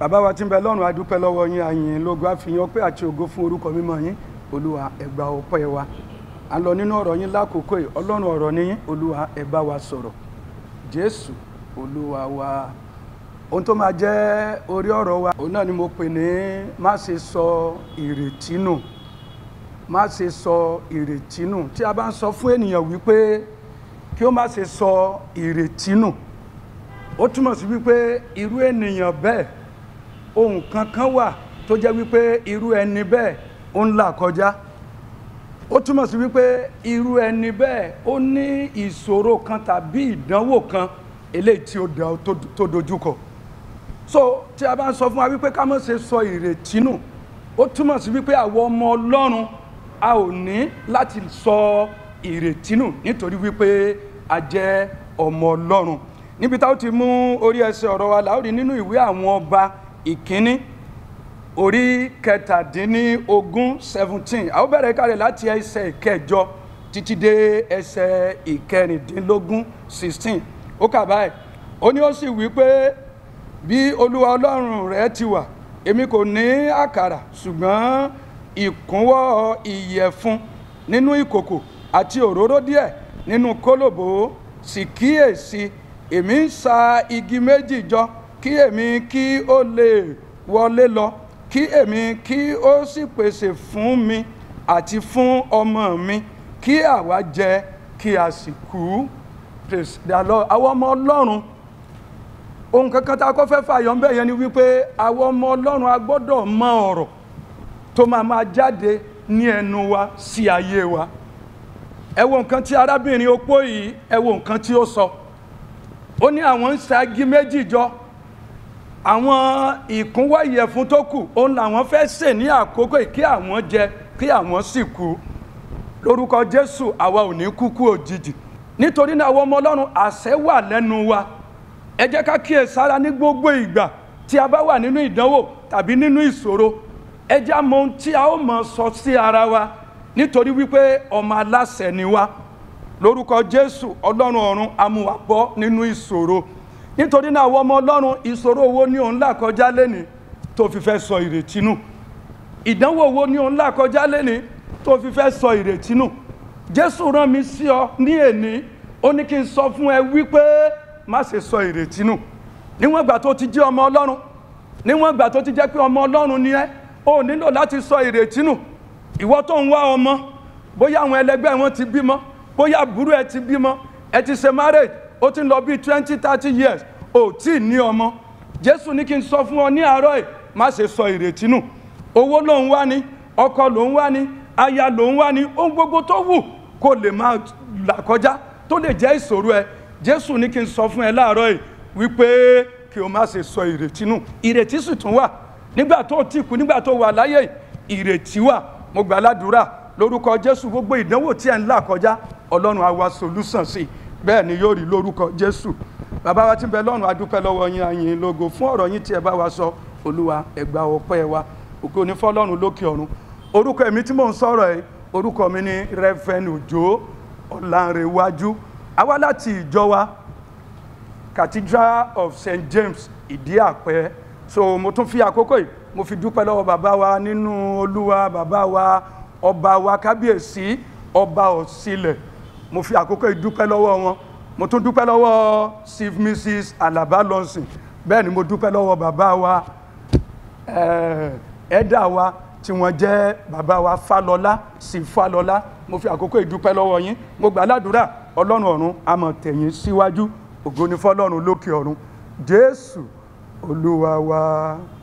bàbá wa tí ń bẹ lọ́run adúpẹ́ lọ́wọ́ yín àyìn lógo àfihàn pé àti ògo fún orúkọ mímọ́ yín olúwa ẹgbà ọpẹ́ wa à ń lọ nínú ọ̀rọ̀ yín lákòókò yìí ọlọ́run ọ̀rọ̀ ni yín olúwa ẹ wa sọ̀rọ̀ jésù olúwa wa ohun tó máa jẹ́ orí ọ̀rọ̀ wa òun náà ni mo pè ní má ṣe sọ ìrètí nù má ṣe sọ ìrètí nù tí a bá ń sọ fún ènìyàn wípé kí ó má ṣe sọ ìrètí nù ó túmọ̀ sí wípé irú ènìyàn bẹ́ẹ̀ ohun kankan wà tó jẹ́ wípé irú ẹni bẹ́ẹ̀ ó ń là kọjá ó túmọ̀ sí wípé irú ẹni bẹ́ẹ̀ ó ní ìṣòro kan tàbí ìdánwò kan eléyìí tí ó tó dojúkọ so tí a bá ń sọ fún wa wípé ká má ṣe sọ ìrètí nù ó túmọ̀ sí wípé àwọn ọmọ ọlọ́run a ò ní láti sọ ìrètí nù nítorí wípé a jẹ́ ọmọ ọlọ́run níbi táwọn ti mú orí ẹsẹ̀ ọ̀rọ̀ wa láòrí nínú ìwé àwọn ọba ìkíní orí kẹtàdínní ogún seventeen a ó bẹ̀rẹ̀ kárẹ̀ láti ẹsẹ̀ ìkẹjọ títí dé ẹsẹ̀ ìkẹrìndínlógún sixteen ó kà báyìí ó ní ó sì wí pé bí olúwa ọlọ́run rẹ ti wà èmi kò ní àkàrà ṣùgbọ́n ìkúnwọ́ ìyẹ̀fun nínú ìkòkò àti òróró díẹ̀ nínú kólòbó sì kíyèsí èmi ń sa igi méjì jọ kí èmi kí ó lè wọlé lọ kí èmi kí ó sì pèsè fún mi àti fún ọmọ mi kí àwa jẹ kí a sì kú praise the lord àwọn ọmọ ọlọ́run ohun kankan tá a kọ́ fẹ́ fààyàn bẹ́ẹ̀ yẹn ni wípé àwọn ọmọ ọlọ́run a gbọ́dọ̀ mọ ọ̀rọ̀ tó máa máa jáde ní ẹnu wa sí ayé wa ẹ wo nǹkan tí arábìnrin opó yìí ẹ wo nǹkan tí ó sọ ó ní àwọn ń ṣagi méjì jọ àwọn ìkúnwáyẹ̀fun tó kù òun làwọn fẹ́ sè ní àkókò kí àwọn jẹ kí àwọn sì kú lórúkọ jésù àwa ò ní kúkú òjijì nítorí náà àwọn ọmọ ọlọ́run àṣẹ wà lẹ́nu wa ẹ jẹ́ ká kíyè sára ní gbogbo ìgbà tí a bá wà nínú ìdánwò tàbí nínú ìṣòro ẹ jẹ́ àmọ́ ohun tí a ó mọ̀ sọ sí ara wa nítorí wípé ọmọ aláṣẹ ni wa lórúkọ jésù ọlọ́run ọ̀run amúwàpọ̀ nínú ìṣòro nítorí náà àwọn ọmọ ọlọ́run ìṣòro wo ni òun là kọjá lẹ́ni tó fi fẹ́ sọ ìrètí nù ìdánwò wo ni òun là kọjá lẹ́ni tó fi fẹ́ sọ ìrètí nù jésù rán mi sí ọ ní èní ó ní kí n sọ fún ẹ wípé má ṣe sọ ìrètí nù níwọ̀n ìgbà tó ti jẹ́ ọmọ ọlọ́run níwọ̀n ìgbà tó ti jẹ́ pé ọmọ ọlọ́run ni ẹ́ ó nílò láti sọ ìrètí nù ìwọ tó ń wá ọmọ bóyá àwọn ẹlẹgbẹ́ wọn ti bímọ bóyá àbúrò ẹ ti bímọ ẹ ti ṣe marriage ó ti ń lọ bíi twenty thirty years ò tí ì ní ọmọ jésù ní kí n sọ fún ọ ní àárọ̀ yìí má ṣe sọ ìrètí nù owó ló ń wá ni ọkọ ló ń wá ni aya ló ń wá ni ohun gbogbo tó wù kó lè máa là kọjá tó lè jẹ́ ìṣòro ẹ jésù ní kí n sọ fún ẹ láàárọ̀ yìí wípé kí o má ṣe sọ ìrètí nù ìrètí sì tún wà nígbà tó ti kú nígbà tó wà láyé ìrètí wà mo gbàládùúrà lórúkọ jésù gbogbo ìdánwò tí ẹ ń là kọjá ọlọ́run á wá solúsàn sí i bẹ́ẹ̀ ni yóò rí lórúkọ jésù bàbá wa tí ń bẹ lọ́run adúpẹ́ lọ́wọ́ yín ayìn lógo fún ọ̀rọ̀ yín tí ẹ bá wa sọ olúwa ẹ ọpẹ́ wa ògo ni lókè ọ̀run orúkọ èmi tí mò ń sọ̀rọ̀ ẹ orúkọ mi ni Reverend Òjó Ọlánrewájú àwa láti ìjọ wa Cathedral of St James Ìdíàpẹ́ so mo tún fi àkókò yìí mo fi dúpẹ́ lọ́wọ́ bàbá wa nínú olúwa bàbá wa ọba wa kábíyèsí ọba ọ̀sílẹ̀ mo fi àkókò ìdúpẹ́ lọ́wọ́ wọn mo tún dúpẹ́ lọ́wọ́ chief mrs alaba lonson bẹ́ẹ̀ ni mo dúpẹ́ lọ́wọ́ bàbá wa ẹ̀ẹ́dà eh, wa tí wọ́n jẹ́ bàbá wa falọ́lá sí falọ́lá mo fi àkókò ìdúpẹ́ lọ́wọ́ yín mo gbà ládùúrà ọlọ́run ọ̀run a tẹ̀yìn síwájú ògo ni fọlọ́run lókè ọ̀run jésù olúwa wa.